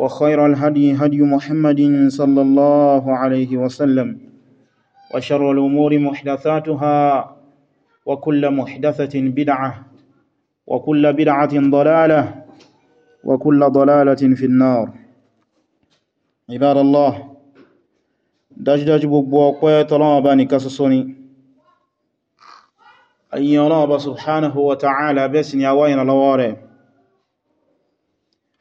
وخير الهدي هدي محمد صلى الله عليه وسلم وشر الأمور محدثاتها وكل محدثة بدعة وكل بدعة ضلالة وكل ضلالة في النار عباد الله دج دج ọpẹ́ tọ́lọ́wọ́ bá ní kásọsọ́ ni ayyàn ọlọ́wọ́ bá subhanahu wa ta'ala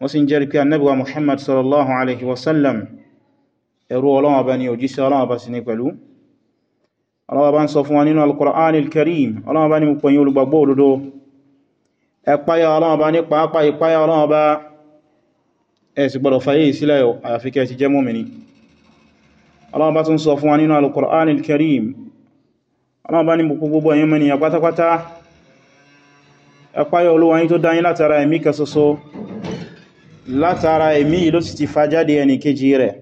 wọ́n sì ń jẹ́rìí pé annabi wa muhammad sallallahu alaihi wasallam ẹrú Ọlọ́hun Ọba ni òjíṣẹ́ Ọlọ́hun Ọba sì ni pẹ̀lú Ọlọ́hun Ọba ń sọ fún wa nínú al-Qur'anil Karim Ọlọ́hun Ọba ní mú pẹ̀yìn olùgbàgbọ́ òdodo ẹ páyà Ọlọ́hun Ọba ní pàápàá ìpáyà Ọlọ́hun Ọba ẹ sì gbọ́dọ̀ fàyè sílẹ̀ àyàfi kẹ́ ti jẹ́ mùmínì Ọlọ́hun Ọba tún sọ fún wa nínú al-Qur'anil Karim Ọlọ́hun Ọba ní gbogbo ẹ̀yin mẹ́niyàn pátápátá ẹ páyà Olúwa yín tó dá yín látara ẹ̀mí kan ṣoṣo látara ẹ̀mí ìlú sì ti fàjáde ẹni kejì rẹ̀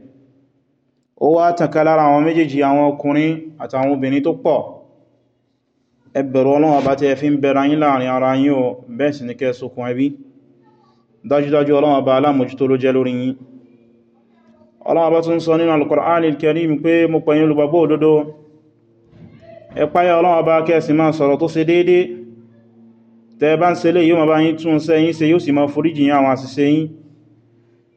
ó wá tànkà lára àwọn méjèèjì àwọn ọkùnrin àtàwọn obìnrin tó pọ̀ ẹ bẹ̀rù Ọlọ́run Ọba tẹ́ fi ń bẹ̀rẹ̀ yín láàrin ara yín o bẹ́ẹ̀ ní kẹ́ Al-Qur'an al-Karim pé mo pè yín olùgbàgbọ́ òdodo ẹ páyà Ọlọ́run Ọba kẹ́ sì máa sọ̀rọ̀ tó ṣe déédéé tẹ́ bá ń ṣe lé yóò máa bá yín tún ṣe yín ṣe yóò sì máa foríjì yín àwọn àṣìṣe yín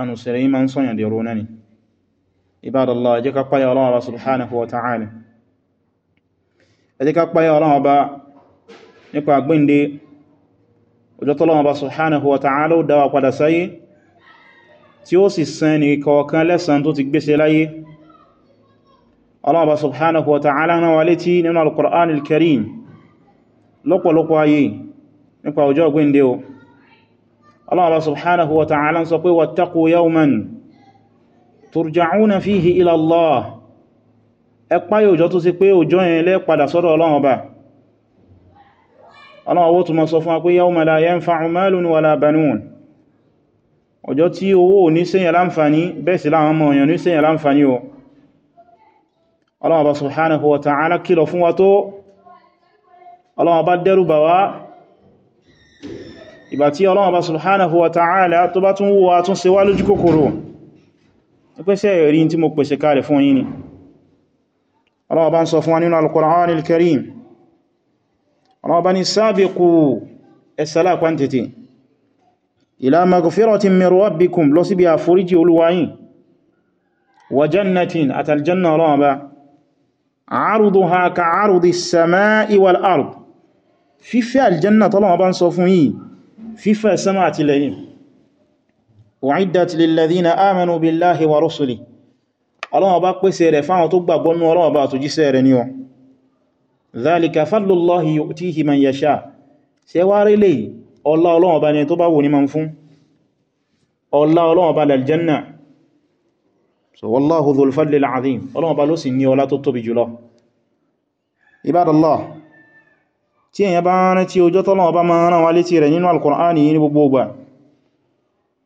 anùsẹ̀rẹ̀ yí ma ń sọ́yàn dẹ̀rọ náà ni Ibadallah ẹ jẹ́ ká páyà Ọlọ́run Ọba subhanahu wa ta'ala ẹ jẹ́ ká páyà Ọlọ́run Ọba nípa àgbíndé ọjọ́ tọ́lọ́run Ọba subhanahu wa ta'ala ó dáwà padà sáyé tí ó sì sàn ní kọ̀ọ̀kan lẹ́san tó ti gbéṣe láyé Ọlọ́run subhanahu wa ta'ala náà létí nínú al-Qur'an al-Karim lọ́pọ̀lọpọ̀ ayé nípa ọjọ́ àgbíndé o Allah subhanahu wa ta'ala sọ pé wattaqu yawman turja'una fihi ila Allah ẹ páyà ọjọ́ tó ṣe pé ọjọ́ yẹn lẹ́ padà sọ́dọ̀ Ọlọ́run Ọba Allah ó tún máa sọ fún wa pé yawma la yanfa'u malun wala banun ọjọ́ tí owó ìgbà tí Ọlọ́run bá subhanahu wa ta'ala tó bá tún wúwa tún ṣe wá lójú kòkòrò pẹ́sẹ̀ rí tí mo pèsè kalẹ̀ fún yín ni Ọlọ́run bá ń sọ fún wa nínú al-Qur'an al-Karim Ọlọ́run bá ní sabiqu ẹsẹ̀lá pàntìtì ila maghfiratin min rabbikum lọ fífẹ́ aljanna tọ́lọ́wọ́ bá ń sọ fún yìí fífẹ̀ sánmà àti lẹ́yìn wa'iddat lilladhina amanu billahi wa rusuli ọlọ́wọ́ bá pèsè rẹ̀ fáwọn tó gbàgbọ́ ní ọlọ́wọ́ bá àtòjíṣẹ́ rẹ̀ ní wọn dhalika fadlullahi yu'tihi man yasha ṣe wá rí lè ọlá ọlọ́wọ́ bá tó bá wù ní man fún tí èyàn bá rántí ọjọ́ tọ́lọ́wọ́ bá máa rán wa létí rẹ̀ nínú alkùnránì ní gbogbo ọgbà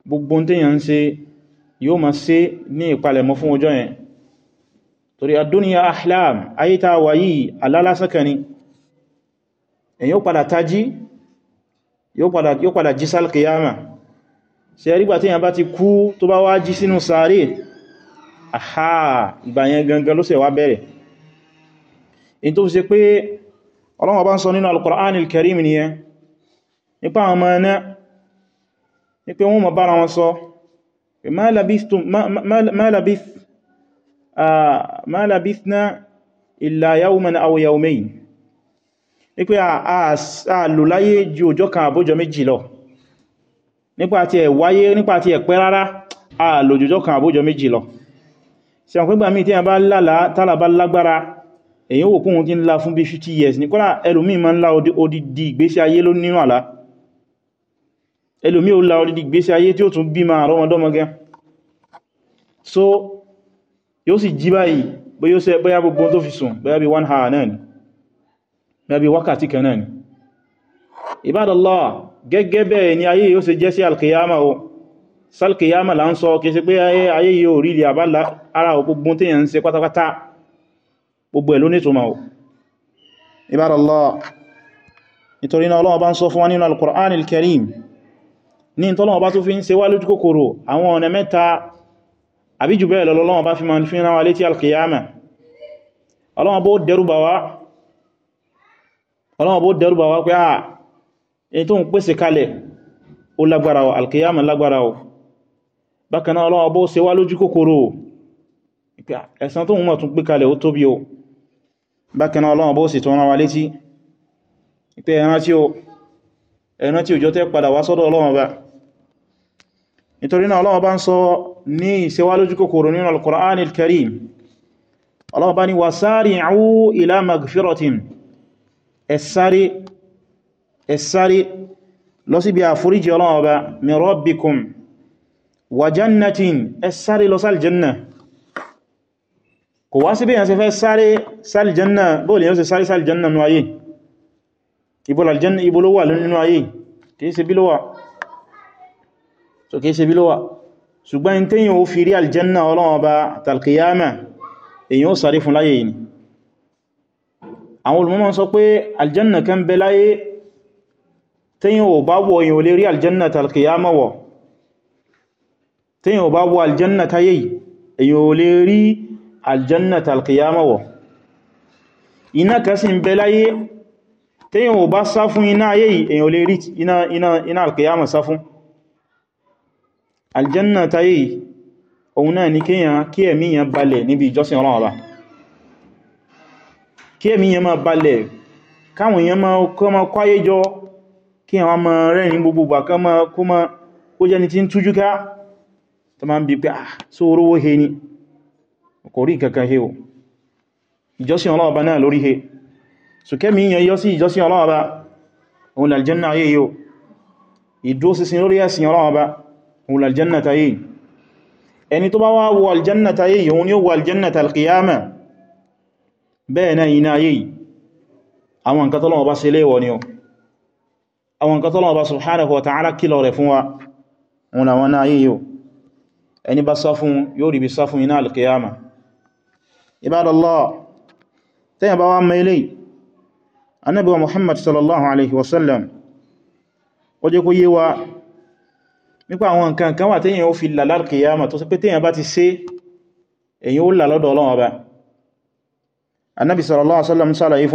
gbogbo tí èyàn ń ṣe yóò máa ṣe ní ìpalẹ̀mọ́ fún ọjọ́ yẹn torí adúníyà ahlam ayíta wáyí alálásẹ́kẹni èyàn yóò padà yóò padà ọlọ́wọ́ bá ń sọ nínú al-Qur'an al-Karim ni yẹn nípa àwọn ọmọ ẹ̀nà ní pé wọ́n mọ̀ bára wọn sọ ma labithna illa yawman aw yawmayn ní pé a lò láyé ju ọjọ́ kan àbójọ méjì lọ nípa ti ẹ̀ wáyé nípa ti ẹ̀ pẹ́ rárá a lò èyí wò kún tí ń lá fún bí 50 years ní kọ́lá ẹlòmí ma ń lá odidi ìgbésí ayé ló nínú àlá ẹlòmí ó lá odidi ìgbésí ayé tí ó tún bí ma rọmọdọ́mọgẹ́ so yóò sì jí báyìí bóyá ṣe bóyá gbogbo tó fi sùn bóyá bí one hour náà ni bóyá bí wákàtí kan náà ni Ibadallah gẹ́gẹ́ bẹ́ẹ̀ ni ayé yóò ṣe jẹ́ sí alkiyama o salkiyama la ń sọ kìí ṣe pé ayé yóò rí ilẹ̀ àbálá ara ògbógbó tí yẹn ń ṣe pátápátá gbogbo ẹ̀ ló ní túnmà ibadallah nítorí náà Ọlọ́run bá ń sọ fún wa nínú al-Qur'an al-Karim ní ìtọ́lọ́wọ́ bá tó fi ń ṣe wá lójú kòkòrò àwọn ọ̀nà mẹ́ta àbíjù bẹ́ẹ̀ lọ lọ́wọ́ bá fi ma ń fi ránwà létí al-Qiyamah Ọlọ́run bó dẹ́rùbà wá Ọlọ́run bó tó ń mọ̀ tún pé kalẹ̀ ó tóbi o bákanáà ọlọ́run bó sì tó rán wa létí pé ẹran tí òjò tẹ́ padà wá sọ́dọ̀ ọlọ́run bá nítorí náà ọlọ́run bá ń sọ ní ìṣẹ́wá lójú kòkòrò nínú al-Qur'an al ọlọ́run bá ní wasari'u ila magfiratin ẹ̀sáre ẹ̀sáre lọ sí bí àforíjì ọlọ́run sáàlì janna bóòlì yóò ṣe sáàlì sáàlì janna nú ayé ìbòlà janna ìbòlò wà nínú ayé kìí ṣe bílówà so kìí ṣe bílówà ṣùgbọ́n in tẹ́yìn ó fi rí aljanna ọlọ́wọ́ bá talqiyama èyàn ó sàrí fún láyé ni àwọn olùmọ́mọ́ sọ pé aljanna kan bẹ láyé tẹ́yìn ò bá wọ èyàn ò rí aljanna talqiyama wọ tẹ́yìn ò bá wọ aljanna tayé èyàn ò rí aljanna talqiyama wọ iná kan sì ń bẹ láyé téèyàn ò bá sá fún iná ayé èyàn lè rí iná alkiyama sá fún aljanna ta yìí ohun náà ni kí ẹ̀mí yẹn balẹ̀ níbi ìjọsìn Ọlọ́run kí ẹ̀mí yẹn máa balẹ̀ káwọn yẹn máa kwáyé jọ kí gbogbo gbàkọ́ ah, o ìjọsìn Ọlọ́run Ọba náà lórí he so kẹ́mi yẹn yọ sí ìjọsìn Ọlọ́run Ọba òun aljanna ayé yóò ìdó sísin lórí ẹ̀sìn Ọlọ́run Ọba òun aljanna tayé ẹni tó bá wá wọ aljanna tayé òun ni ó wọ aljanna talqiyama bẹ́ẹ̀ náà iná ayé àwọn nǹkan tọ́lọ́run Ọba ṣe léèwọ̀ ni ó ibadallah tẹ́yìn bá wá mẹ́lẹ̀ Ànábì wa Muhammad sallallahu alaihi wasallam ó jẹ́ kó yé wa nípa àwọn nǹkan kan wà tẹ́yìn ó fi lalar kìyàmà tó sì pé tẹ́yìn bá ti ṣe èyí ó lalọ́dọ̀ Ọlọ́run Ọba Ànábì sallallahu alaihi wasallam ṣàlàyé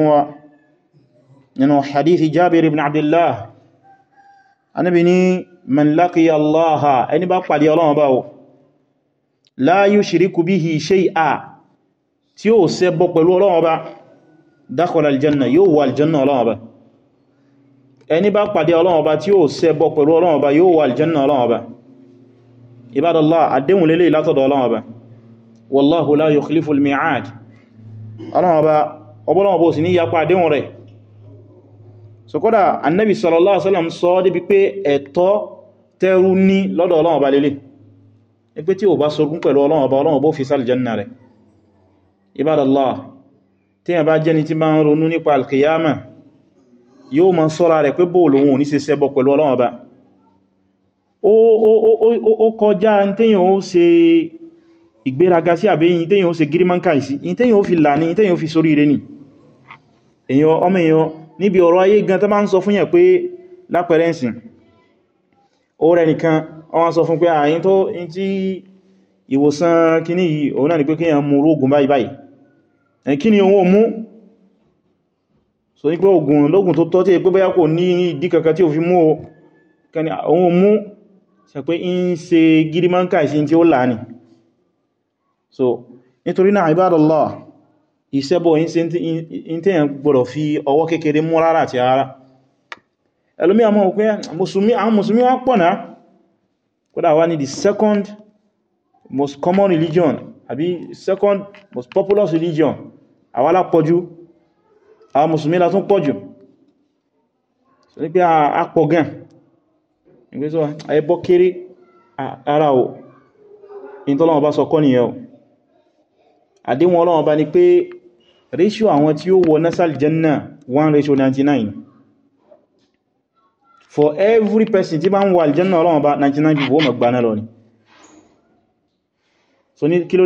tí ó ṣẹbọ pẹ̀lú Ọlọ́run Ọba dákọ̀lá aljanna yóò wà aljanna Ọlọ́run Ọba ẹni bá pàdé Ọlọ́run Ọba tí ó ṣẹbọ pẹ̀lú Ọlọ́run Ọba yóò wà aljanna Ọlọ́run Ọba Ibadallah àdéhùn lélẹ̀ látọ̀dọ̀ Ọlọ́run Ọba wallahu la yukhlifu al-mi'ad Ọlọ́run Ọba ọbọ́lọ́wọ́ bó sì ní yapa àdéhùn rẹ̀ so kódà annabi sallallahu alaihi wasallam sọ débi pé ẹ̀tọ́ tẹrú ní lọ́dọ̀ Ọlọ́run Ọba lélẹ̀ ní pé tí bá sorgún ibadallah tí a bá jẹni tí bá ń ronú nípa alkiyama yóò ma sọ́ra rẹ̀ pé bóòlù òun ní ṣe pẹ̀lú Ọlọ́run Ọba ó kọjá tíyàn ó se ìgbéraga sí àbẹ́yìn tíyàn ó se gírímọ́ǹkà ìsí tíyàn ó fi tíyàn ó fi sórí rẹ̀ ní èyàn ọmọ èyàn ẹ̀kí ni owó mú so ní pé ogun lógun tó tọ́ tí pé kò ní ìdí tí fi mú o kẹni mú pé in tí ó so nítorí náà ibadallah ìṣẹ́bọ̀ in tí yẹn fi ọwọ́ kékeré mú rárá àti ara ẹlòmí àwọn musulmi most common religion abi second most populous religion àwọn alápọ̀jú àwọn mùsùlùmí la tún pọ̀jù so ní pé a pọ̀ gan ìgbé tó ẹbọ́ kéré ara o in tó lọ́wọ́ bá sọ kọ́ nìyẹn o àdéhùn Ọlọ́run bá ní pé ratio àwọn tí ó wọ nasal janna 1 ratio 99 for every person tí bá ń wọ aljanna Ọlọ́run bá 99 people ó mọ̀ gbaná lọ ni so ní kí ló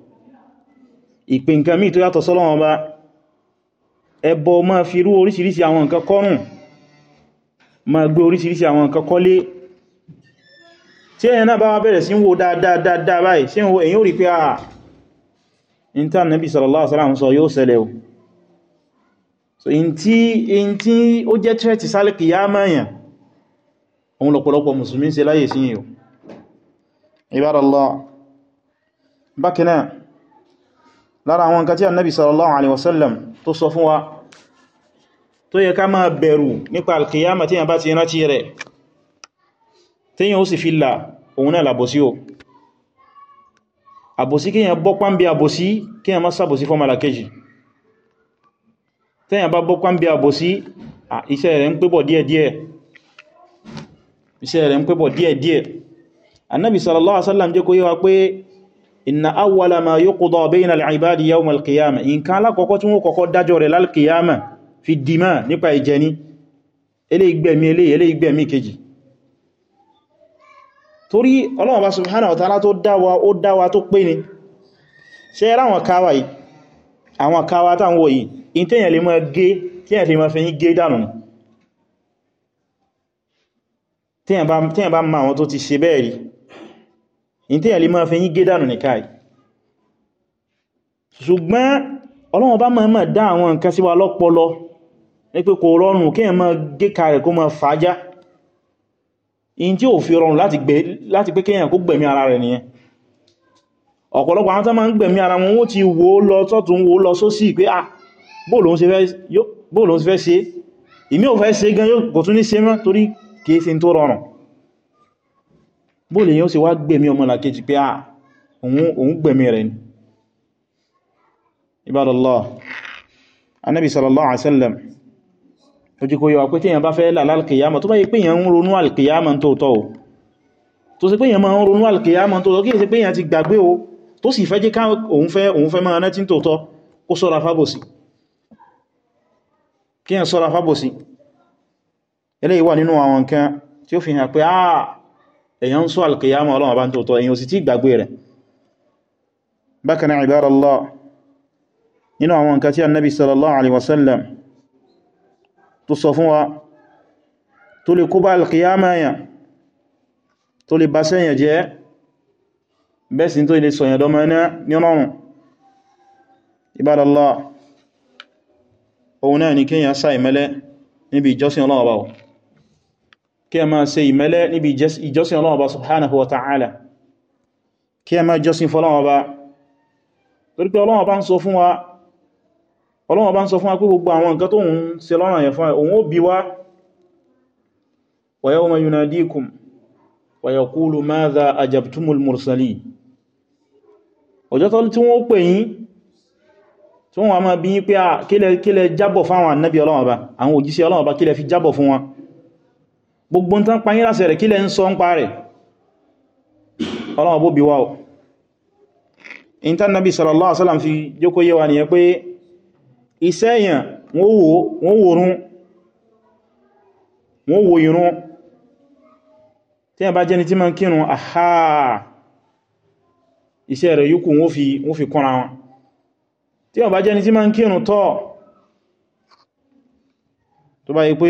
ìpè nǹkan míì tó yàtọ̀ sọ́lọ́wọ́n bá ẹbọ ma fi rú oríṣiríṣi àwọn nǹkan kọ́rùn ma gbé oríṣiríṣi àwọn nǹkan kọ́lé tí ẹ̀yẹn náà bá wá bẹ̀rẹ̀ sí wo dáadáa báyìí sí wo èyí ò rí pé àà ah, in tán Nabi sallallahu alaihi wasallam sọ yóò ṣẹlẹ̀ o so in tí in tí bákanáà lára àwọn nǹkan tí annabi sallallahu alaihi wasallam tó sọ fún wa tó yẹ ká máa bẹ̀rù nípa alkiyama tí yàn bá ti rántí rẹ̀ tí yàn ó sì fi là òun náà làbòsí o àbòsí kí yàn bọ́ pán bí àbòsí kí yàn má sàbòsí fọ́mà làkejì tí yàn bá bọ́ pán àbòsí iṣẹ́ rẹ̀ ń pébọ̀ díẹ̀díẹ̀ iṣẹ́ rẹ̀ ń pébọ̀ díẹ̀díẹ̀ annabi sallallahu alaihi wasallam jẹ́ kó yé pé inna awwala ma yuqda bayna al-ibadi yawm al-qiyamah in kan la kọ́kọ́ tí wọ́n kọ́kọ́ dájọ́ rẹ̀ lal qiyamah fi dima nípa ìjẹni ele igbe mi ele ele igbe mi kejì torí Ọlọ́run ba subhanahu wa ta'ala tó dá wa ó dá wa tó pé ni ṣé ra wọn kawa yìí àwọn kawa tá wọn yìí in tẹ́yàn lè máa gé tẹ́yàn lè máa fẹ́ yín gé dànù tẹ́yàn bá tẹ́yàn bá ma àwọn tó ti ṣe bẹ́ẹ̀ rí in tí ẹ̀lì máa fi yí gé dànù ní káì ṣùgbọ́n Ọlọ́run bá máa máa dá àwọn nǹkan síwá lọ́pọlọ ní pé kò rọrùn kí ẹ máa gé kààrẹ̀ kó máa fàájá in tí ò fi rọrùn láti pé kéèyàn kó gbẹ̀mí ara rẹ̀ nìyẹn ọ̀pọ̀lọpọ̀ àwọn tó máa ń gbẹ̀mí ara wọn ó ti wò ó lọ tọ́tún wò ó lọ sósì pé à ah, bóòlù ń ṣe fẹ́ ṣe ìmí ò fẹ́ ṣe gan yóò kò tún ní ṣe mọ́ torí kìí ṣe tó rọrùn bóòlè yóò sì wá gbẹ̀mí ọmọlàkejì pé òun gbẹ̀mí rẹ̀ ni ibadallah anábi sallallahu alaihi wasallam ó jí kó yíwa pé tíyàn bá fẹ́ lálàlkìyàmà tó bá yí pé yàn ń ronú alkìyàmà tó tọ́ tó sì pé yàn máa ń ronú alkìyàmà tó tọ́ kí èsì pé yàn ti gbàgbé o tó sì fẹ́ jẹ́ ká òun fẹ́ òun fẹ́ máa èyàn sọ alkiyama ọlọ́wọ́ bá ń tóòtọ́ èyàn sì ti gbàgbé rẹ̀ bákaná ibárallah nínú àwọn nǹkan tí annabi sallallahu alaihi wasallam tó sọ fún wa tó lè kúbá alkiyama yà tó lè bá sẹ́yàn jẹ́ bẹ́sì tó lè sọ̀yàn dọ́mọ́ná nírọ̀rùn ibárallah òun náà ni kíyàn kí a máa ṣe ìmẹ́lẹ́ níbi ìjọsìn Ọlọ́run Ọba subhanahu wa ta'ala kí a máa jọsìn fọ́lọ́run Ọba torí pé Ọlọ́run Ọba ń sọ fún wa Ọlọ́run Ọba ń sọ fún wa pé gbogbo àwọn nǹkan tó ń ṣe lọ́rọ̀ yẹn fún òun ó bi wá wa yawma yunadikum wa yaqulu wà máa bi yín pé kílẹ̀ jábọ̀ gbogbo tán pa yín láṣẹ rẹ̀ kílẹ̀ ń sọ ń pa ọlọ́wọ́ bó bí wá nabi sallallahu alaihi wasallam fi jókó yẹwa nìyẹn pé iṣẹ́ èyàn wọ́n wòrún wọ́n wò irun tí a bá jẹ́ni tí ma ń kírun àhá iṣẹ́ rẹ̀ yúkù wọ́n fi kọ́ra wọn tí a bá jẹ́ni tí ma ń kírun tọ́ tó bá yí pé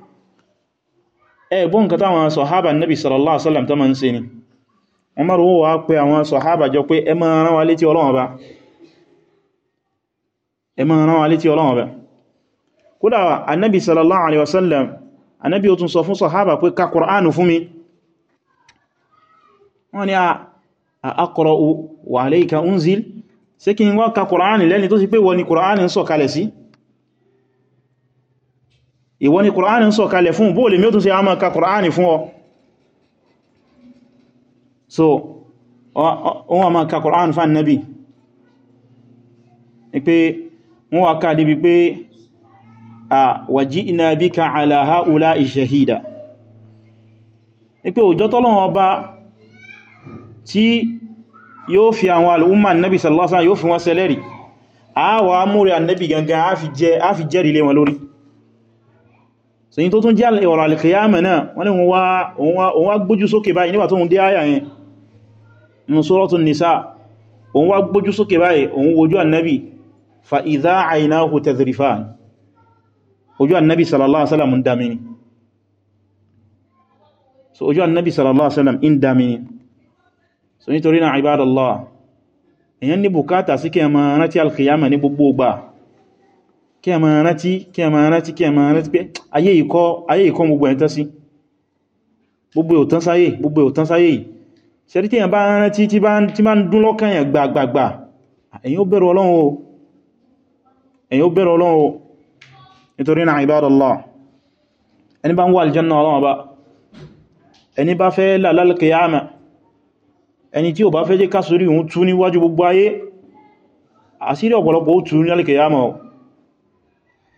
ẹgbọ́n nǹkan táwọn sọ̀hábà nabi sallallahu alaihi wasallam tó ma ń ṣe ni wọ́n mọ́rọ̀ wọ́n wá pé àwọn sọ̀hábà jọ pé ẹ máa rán wa létí Ọlọ́run bá ẹ máa rán wa létí Ọlọ́run bá kódà annabi sallallahu alaihi wasallam annabi ó tún sọ fún sọ̀hábà pé ka Qur'anu fún mi wọ́n ni a aqra'u wa ìwọ ni kùránì ń sọ̀kalẹ̀ fún bóòlè mí ó tún sí àmà ka kùránì fún ọ so wọ́n àmà ka kùránì fún annabi pé wọ́n wà ká débi pé a waji'na bika ala ha'ula'i shahida pé òjò tọ́lọ́wọ́ bá tí yóò fi àwọn al'umma annabi sallallahu a wà múrí annabi gangan a fi jẹ́rìí so yin tó tún jẹ́ ọ̀rọ̀ alìkìyàmẹ̀ náà wọ́n ni wọ́n wá gbójú sókè báyìí nígbà tó ń dé àyà yẹn inú Suratul Nisa òun wá gbójú sókè báyìí òun wojú annabi fa idha aynahu tadhrifan ojú annabi sallallahu alaihi wasallam ń damini so ojú annabi sallallahu kí ẹ máa rántí kí ẹ máa rántí kí ẹ máa rántí pé ayé ìkọ́ ayé ìkọ́ gbogbo ẹ̀ tán sí gbogbo òtán sáyé gbogbo òtán sáyé yìí ṣẹ́rí tí èyàn bá rántí tí bá ń dún lọ́kàn yẹn gbàgbàgbà èyàn ó bẹ̀rù Ọlọ́run o èyàn ó bẹ̀rù Ọlọ́run o nítorí náà ibadallah ẹni bá ń wà aljanna tí ò bá fẹ́ jẹ́ kásórí òun tú níwájú gbogbo ayé àsírí ọ̀pọ̀lọpọ̀ ó tú ní lálkìyàmà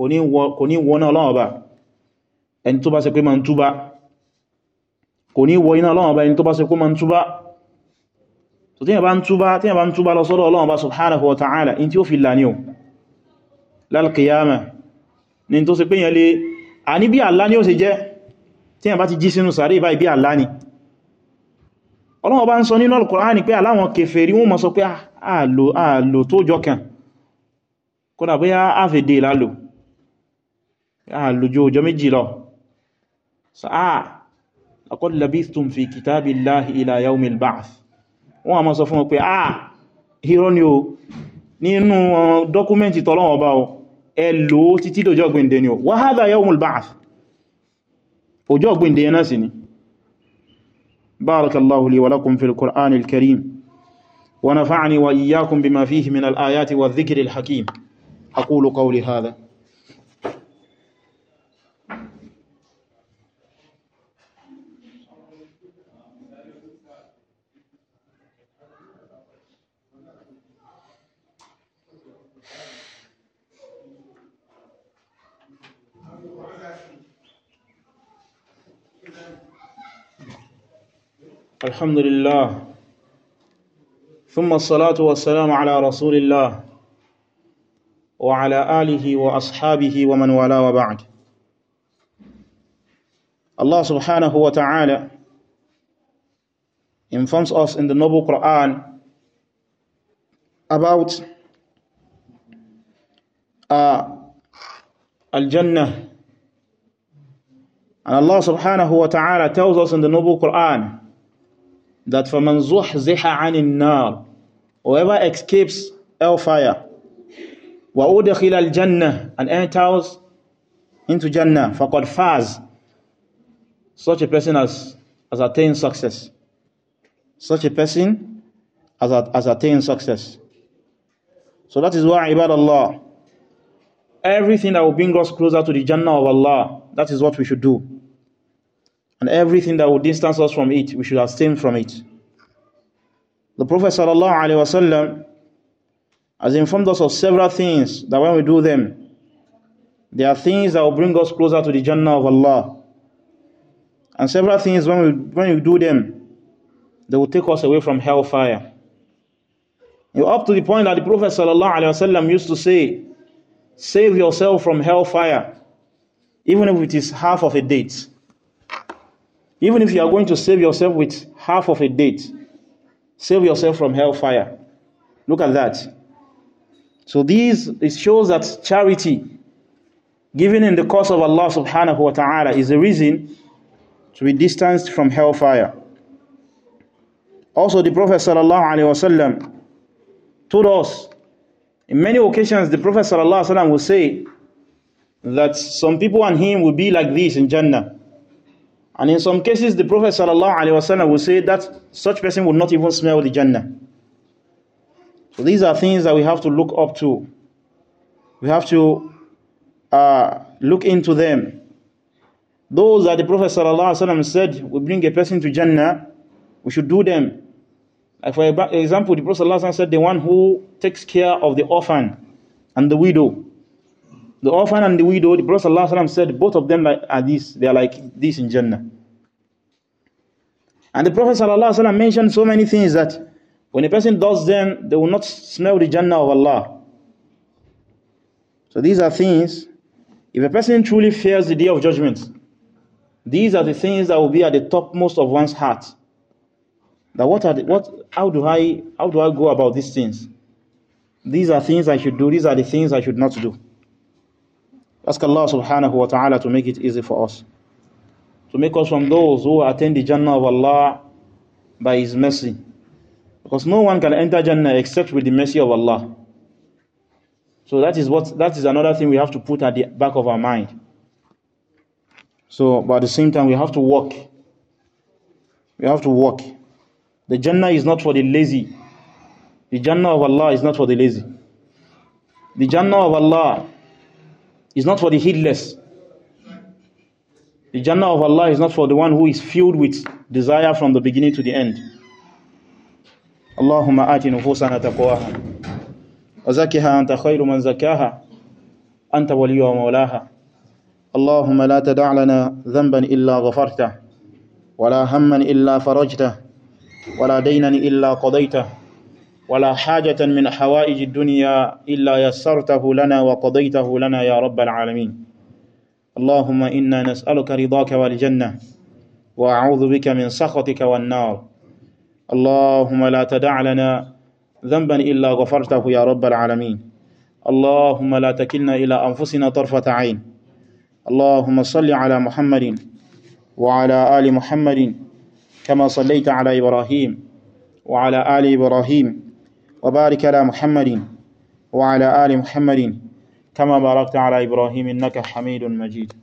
kò ní wọ náà lọ́wọ́ bá ẹni tó bá ṣe pé ma ń túbá kò ní wọ iná lọ́wọ́ bá ẹni tó bá ṣe pé ma ń túbá so tí yẹn bá ń túbá lọ sọ́dọ̀ Ọlọ́run bá subhanahu wa ta'ala in tí ó fi lani o lálkìyàmà ni tó ṣe pé yẹn lè a ní bí àlá ni ó ṣe jẹ́ tí lálò àlùjọ ah, ọjọ́ méjì lọ sáà ah, laqad labithtum fi kitabillahi ila yawmil ba'th wọ́n a máa sọ fún wọn pé àà ah, irọ́ ni o nínú dọ́kúmẹ́ntì tọ́lọ́wọ́ bá o ẹ lò ó títí dọjọ́ gbìndẹ̀ ni o wa hadha yawmul ba'th ọjọ́ gbìndẹ̀ yẹn náà sì ni barakallahu li wa lakum fil الحمد لله ثم الصلاة والسلام على رسول الله وعلى آله وأصحابه ومن ولا وبعد Allah subhanahu wa ta'ala informs us in the noble Quran about uh, Al-Jannah and Allah subhanahu wa ta'ala tells us in the noble Quran that فَمَنْ زُحْزِحَ عَنِ النَّارِ Whoever escapes hellfire وَأُدْخِلَ الْجَنَّةِ and enters into Jannah فَقَدْ فَازْ Such a person has, has attained success. Such a person has, has attained success. So that is why ibad Allah. Everything that will bring us closer to the Jannah of Allah, that is what we should do and everything that would distance us from it, we should abstain from it. The Prophet ﷺ has informed us of several things that when we do them, they are things that will bring us closer to the Jannah of Allah. And several things when we when we do them, they will take us away from hellfire. You up to the point that the Prophet ﷺ used to say, save yourself from hellfire, even if it is half of a date. Even if you are going to save yourself with half of a date, save yourself from hellfire. Look at that. So these it shows that charity given in the cause of Allah subhanahu wa ta'ala is a reason to be distanced from hellfire. Also the Prophet sallallahu alaihi wasallam told us in many occasions the Prophet sallallahu alaihi wasallam will say that some people and him will be like this in Jannah and in some cases, the Prophet ﷺ will say that such person will not even smell the Jannah. So these are things that we have to look up to. We have to uh, look into them. Those that the Prophet ﷺ said will bring a person to Jannah, we should do them. Like for example, the Prophet ﷺ said, the one who takes care of the orphan and the widow the orphan and the widow, the Prophet ﷺ said, both of them are these, they are like this in Jannah. And the Prophet ﷺ mentioned so many things that when a person does them, they will not smell the Jannah of Allah. So these are things, if a person truly fears the day of judgment, these are the things that will be at the topmost of one's heart. That what are the, what how do I how do I go about these things? These are things I should do, these are the things I should not do. Ask Allah subhanahu wa ta'ala to make it easy for us. To make us from those who attain the Jannah of Allah by His mercy. Because no one can enter Jannah except with the mercy of Allah. So that is what that is another thing we have to put at the back of our mind. So, but at the same time, we have to work. We have to work. The Jannah is not for the lazy. The Jannah of Allah is not for the lazy. The Jannah of Allah is not for the heedless. The Jannah of Allah is not for the one who is filled with desire from the beginning to the end. اللهم آت نفوسنا تقواها وزكها أنت خير من زكاها أنت ولي ومولاها اللهم لا تدع لنا ذنبا إلا غفرته ولا هما إلا فرجته ولا دينا إلا قضيته ولا حاجة من حوائج الدنيا إلا يسرته لنا وقضيته لنا يا رب العالمين اللهم إنا نسألك رضاك والجنة وأعوذ بك من سخطك والنار اللهم لا تدع لنا ذنبا إلا غفرته يا رب العالمين اللهم لا تكلنا إلى أنفسنا طرفة عين اللهم صل على محمد وعلى آل محمد كما صليت على إبراهيم وعلى آل إبراهيم وبارك على محمد وعلى آل محمد كما باركت على إبراهيم إنك حميد مجيد